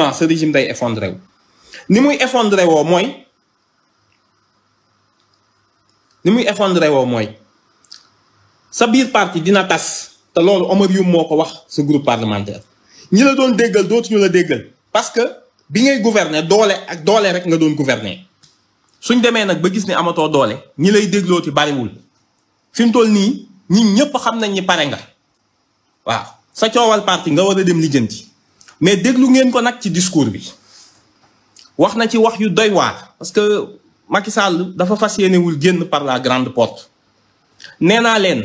automatiquement ce régime day effondré wu ni muy effondré woo mooy ni muy effondré woo mooy sa biir parti dina tas te loolu Omar Youm moo ko wax sa groupe parlementaire ñi la doon déggal dootuñu la déggal parce que bi ngay gouverner doole ak doole rek nga doon gouverner suñ demee nag ba gis ni amatoo doole ñi lay déglooti bariwul fi mu toll nii ñi ñëpp xam nañ ni pare nga waaw sa coowal parti nga war a dem lijjanti mais déglu ngeen ko nag ci discours bi wax na ci wax yu doy waar parce que Macky Sall dafa fas yéenewul génn par la grande porte nee naa leen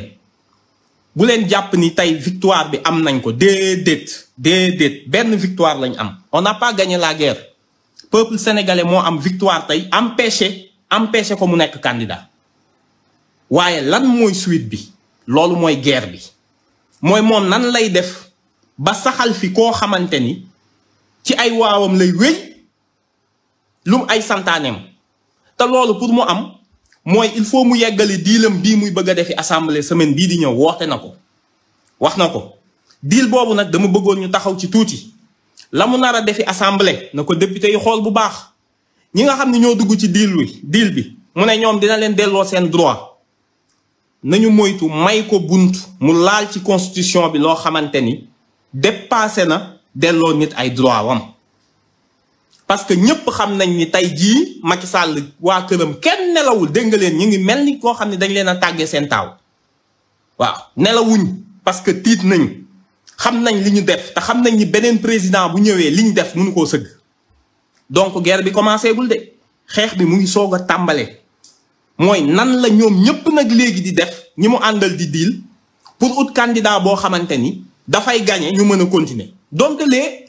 bu leen jàpp ni tey victoire bi am nañ ko déedéet déedéet benn victoire lañ am on n'a pas gagné la guerre peuple sénégalais moo am victoire tey empêché empêché ko mu nekk candidat waaye lan mooy suite bi loolu mooy guerre bi mooy moom nan lay def ba saxal fi koo xamante ni ci ay waawam lay wéy lum ay santaaneem te loolu pour mu am mooy il faut mu yeggali diilam bii muy bëgg a defi assemblée semaine bii di ñëw woote na ko wax na ko diil boobu nag dama bëggoon ñu taxaw ci tuuti la mu nar a defi assemblée na ko député yi xool bu baax ñi nga xam ne ñoo dugg ci diil wi diil bi mu ne ñoom dina leen delloo seen droit nañu moytu may ko bunt mu laal ci constitution bi loo xamante ni dépassé na delloo nit ay droit wam parce que ñepp xam nañ ni tay ji Macky Sall wa këram kenn nelawul dégg nga leen ñi ngi melni ko xamni dañ leena taggé sen taw wa nelawuñ parce que tit nañ xam nañ liñu def ta xam nañ ni benen président bu ñëwé liñ def mënu ko sëgg donc guerre bi commencé gul de xex bi mu ngi soga tambalé moy nan la ñom ñepp nak légui di def ñimu andel di deal, pour out candidat bo xamanteni dafay gagner, ñu menons continuer donc les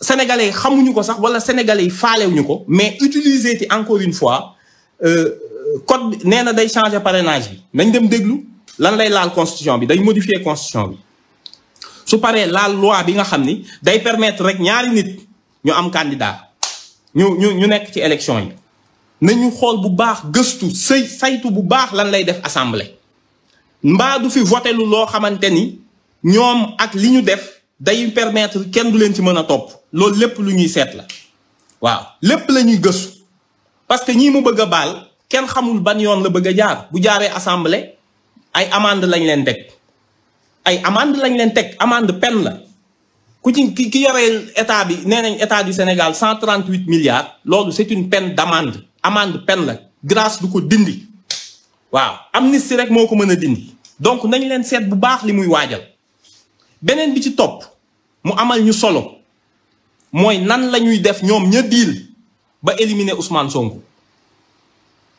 sénégalais yi xamuñu ko sax wala sénégalais yi faalewuñu ko mais utiliser encore une fois euh, code nee na day changer parrainage bi nañ dem déglu lan lay la constitution bi day modifier constitution bi su la loi bi nga xam ni day permettre rek ñaari nit ñu am candidat ñu ñu ñu nekk ci élection yi nañu xool bu baax gëstu say saytu bu baax lan lay def assemblée mbaa du fi voté lu loo ñoom ak li ñu def day permettre kenn du leen ci mën a topp loolu lépp lu ñuy seet la waaw lépp lañuy ñuy gëstu parce que ñii mu bëgg a baal kenn xamul ban yoon la bëgg a jaar bu jaaree assemblée ay amande lañ leen teg ay amande lañ leen teg amande peine la ku ci ki ki yoree état bi nee nañ état du Sénégal 138 milliards loolu c'est une peine d'amende amande peine la grâce du ko dindi waaw am amnistie rek moo ko mën a dindi donc nañ leen seet bu baax li muy waajal. beneen bi ci topp mu amal ñu solo mooy nan la ñuy def ñoom ña ba éliminer Ousmane sonku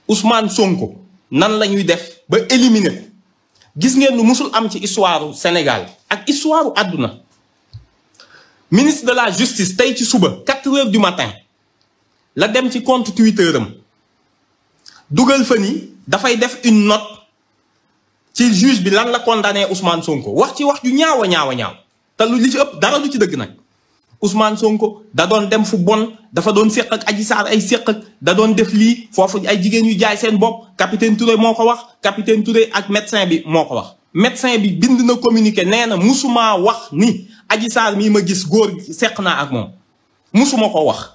Ousmane Sonko nan la ñuy def ba éliminer ko gis ngeen lu musul am ci histoire Sénégal ak histoire àdduna ministre de la justice tey ci suba quatre heures du matin la dem ci compte Twitter am dugal fa ni dafay def une ci juge bi lan la condamné Ousmane Sonko wax ci wax ju ñaaw a ñaaw ñaaw te lu li ci ëpp dara lu ci dëgg nag Ousmane Sonko da doon dem fu bon dafa doon séq ak Adji Sarr ay séq ak da doon def lii foofu ay jigéen yu jaay seen bopp capitaine Touré moo ko wax capitaine Touré ak médecin bi moo ko wax. médecin bi bind na communiqué nee na musuma wax ni aji Sarr mii ma gis góor seq naa ak moom musuma ko wax.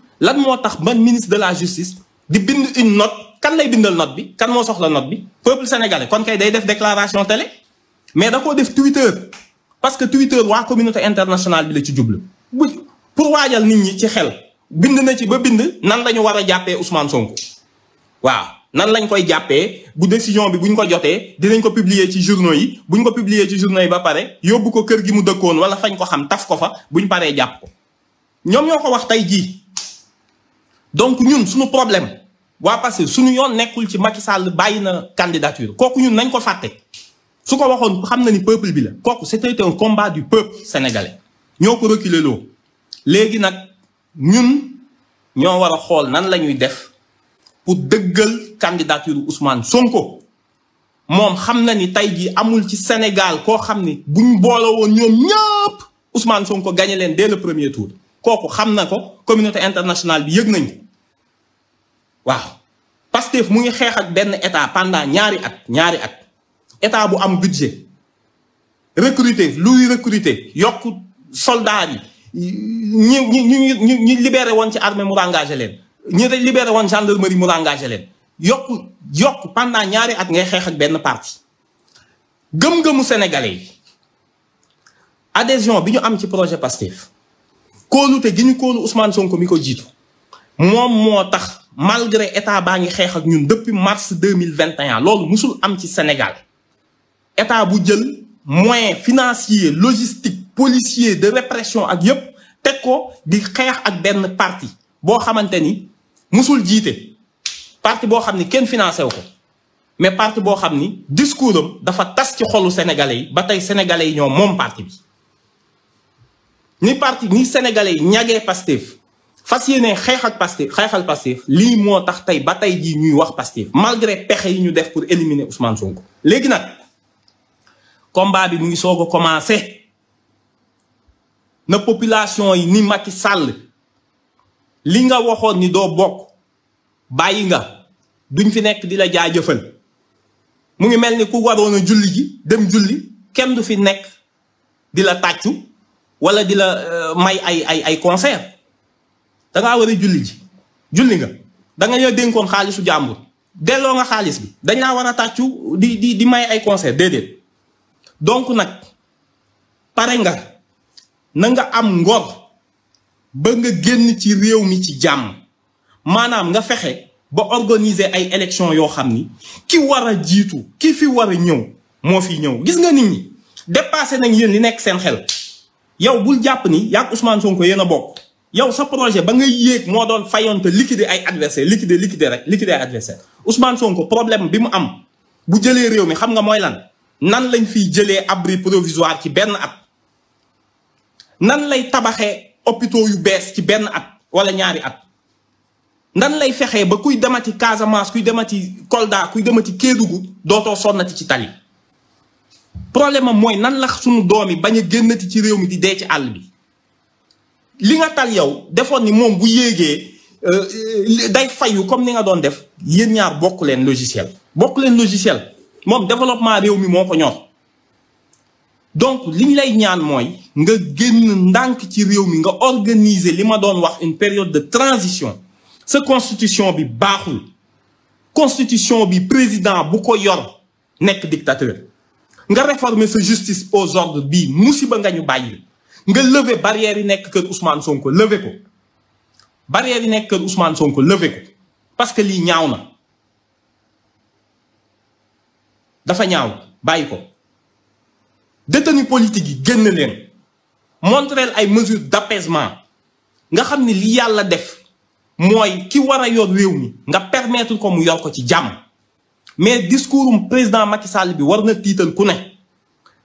lan moo tax man ministre de la justice di bind une note kan lay bindal note bi kan moo soxla note bi peuple sénégalais kon kay day def déclaration télé mais da koo def Twitter parce que Twitter waa communauté internationale bi la ci jublu bu pour waajal nit ñi ci xel bind na ci ba bind nan la ñu war a jàppee Ousmane Sonko waaw. nan lañ koy jàppee bu décision bi buñ ko jotee dinañ ko publier ci journaux yi buñ ko publier ci journaux yi ba pare yóbbu ko kër gi mu dëkkoon wala fañ ko xam taf ko fa buñ paree jàpp ko ñoom ñoo ko wax tey jii donc ñun suñu problème waa parce que suñu yoon nekkul ci Macky Sall bàyyi candidature kooku ñun nañ ko fàtte su ko waxoon xam na ni peuple bi la kooku c'était un combat du peuple sénégalais ñoo ko reculer loo léegi nag ñun ñoo war a xool nan la def pour dëggal candidature Ousmane Sonko moom xamna ni tay ji amul ci Sénégal ko xamni buñ booloo woon ñoom ñëpp Ousmane Sonko gagné len dès le premier tour koku xamna ko communauté internationale bi yëg nañ ko waaw Pastef mu ngi xeex ak benn état pendant ñaari at ñaari at état bu am budget recruter luy recruter yokk soldats yi ñi ñi ñi ñi libéré woon ci armée mu engagé leen ñi libéré woon gendarmerie mu engagé leen yokk yokk pendant ñaari at ngay xeex ak benn parti gëm-gëmu sénégalais yi adhésion bi ñu am ci projet Pastef kóolute gi ñu kóolu Ousmane Sonko mi ko jiitu moom moo tax malgré état baa ngi xeex ak depuis mars 2021 mille vingt et un loolu musul am ci Sénégal état bu jël moins financier logistique policier de répression ak yépp teg ko di xeex ak benn parti boo xamante ni musul parti boo xam ni financé mais mais parti boo xam ni discours am dafa tas ci xolu sénégalais yi ba sénégalais yi ñoo parti bi ni parti ni sénégalais yi pas Pastef fas xex xeex ak Pastef xeexal Pastef li mo tax tay batay ji ñuy wax Pastef malgré pexe yi ñu def pour éliminer Ousmane Sonko légui nak combat bi mu ngi soog commencé na population yi ni Macky Sall li nga waxone ni doo bokk bàyyi nga duñ fi nek dila jaajeufal mu ngi melni ku waroon julli ji dem julli kenn du fi nek dila la wala dila euh, may ay ay ay concert dangaa ngaa war a julli ji julli nga da nga ñoo dénkoon xaalisu jàmbur delloo nga xaalis bi dañ laa war a tàccu di di di may ay conseil déedéet donc nag pare nga na nga am ngor ba nga génn ci réew mi ci jàmm maanaam nga fexe ba organiser ay élection yoo xam ni ki war a jiitu ki fi war a ñëw moo fi ñëw gis nga nit ñi dépassé nañ yéen li nekk seen xel yow bul jàpp ni yàgg Ousmane Sonko yéen a bokk. yow sa projet ba ngay yéeg moo doon fayonte liquide ay adversaire liquider liquider rek liquider ay adversaire Ousmane Sonko problème bi mu am bu jëlee réew mi xam nga mooy lan nan lañ fiy jëlee abri provisoire ci benn at nan lay tabaxee hôpitaux yu bees ci benn at wala ñaari at nan lay fexee ba kuy demati Casamance kuy demati Kolda kuy demati Kédougou dootoo sonnati ci tali problème am mooy nan la sunu doom yi bañ a génnati ci réew mi di dee ci àll bi li nga tal yow defone ni moom bu euh, euh, day fayu comme ni nga don def yeen ñaar bokk len logiciel bokk len logiciel mom développement réew mi moo ñor donc liñ lay ñaan moy nga genn ndank ci réew mi nga organiser li ma doon wax une période de transition ce constitution bi baaxul constitution bi président bu ko yor nek dictateur nga réformer ce justice aux ordres bi musiba nga ñu bayil nga lever barrière yi nekk kër Ousmane Sonko lever ko barrière yi nekk kër Ousmane Sonko lever ko parce que lii ñaaw na dafa ñaaw bàyyi ko détenu politique yi génn leen montreel ay mesures d'apaisement nga xam ni li yàlla def mooy ki war a yor réew mi nga permettre ko mu yor ko ci jàmm mais discours um président Macky bi war na tiital ku ne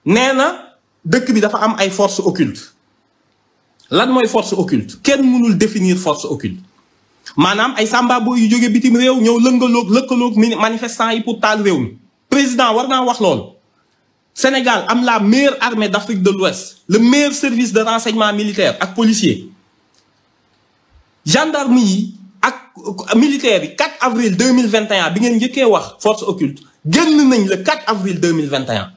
nee dëkk bi dafa am ay forces occultes lan mooy force occulte kenn mënul définir force occulte maanaam ay sàmbaabo yu jóge bitim réew ñëw lëngaloog lëkkaloog manifestant yi pour taal réew mi président war naa wax lool Sénégal am la meilleure armée d'Afrique de l'Ouest le meilleur service de renseignement militaire ak policier Gendarmerie ak euh, militaire yi 4 avril 2021 bi ngeen njëkkee wax force occulte génn nañ le 4 avril 2021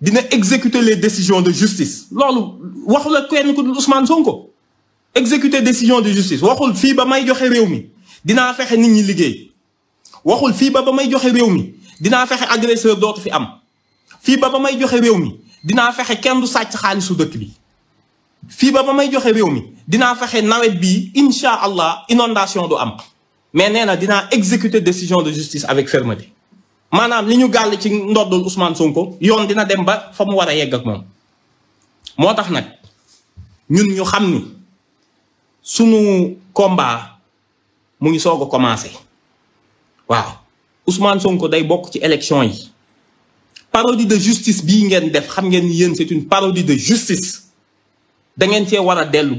dina exécuter les décisions de justice loolu waxul ak kenn ku Ousmane Sonko exécuter décision de justice waxul fi ba may joxe réew mi dinaa fexe nit ñi liggéey waxul fi ba ba may joxe réew mi fexe agresseur dootu fi am Fi ba ba may joxe réew mi dinaa fexe kenn du sacc xaalisu dëkk bi Fi ba ba may joxe réew mi fexe nawet bi incha allah inondation do am mais nee dina exécuter décision de justice avec fermeté manam li ñu gàll ci ndodul Ousmane Sonko yon dina dem ba fa mu war yegg ak mom motax nak ñun ñu xamni suñu sunu combat mu ngi wow, Usman waaw Ousmane Sonko day bok ci election yi parodie de justice bi ngeen def xam ngeen ni yeen c'est une parodie de justice da ngeen ci wara delu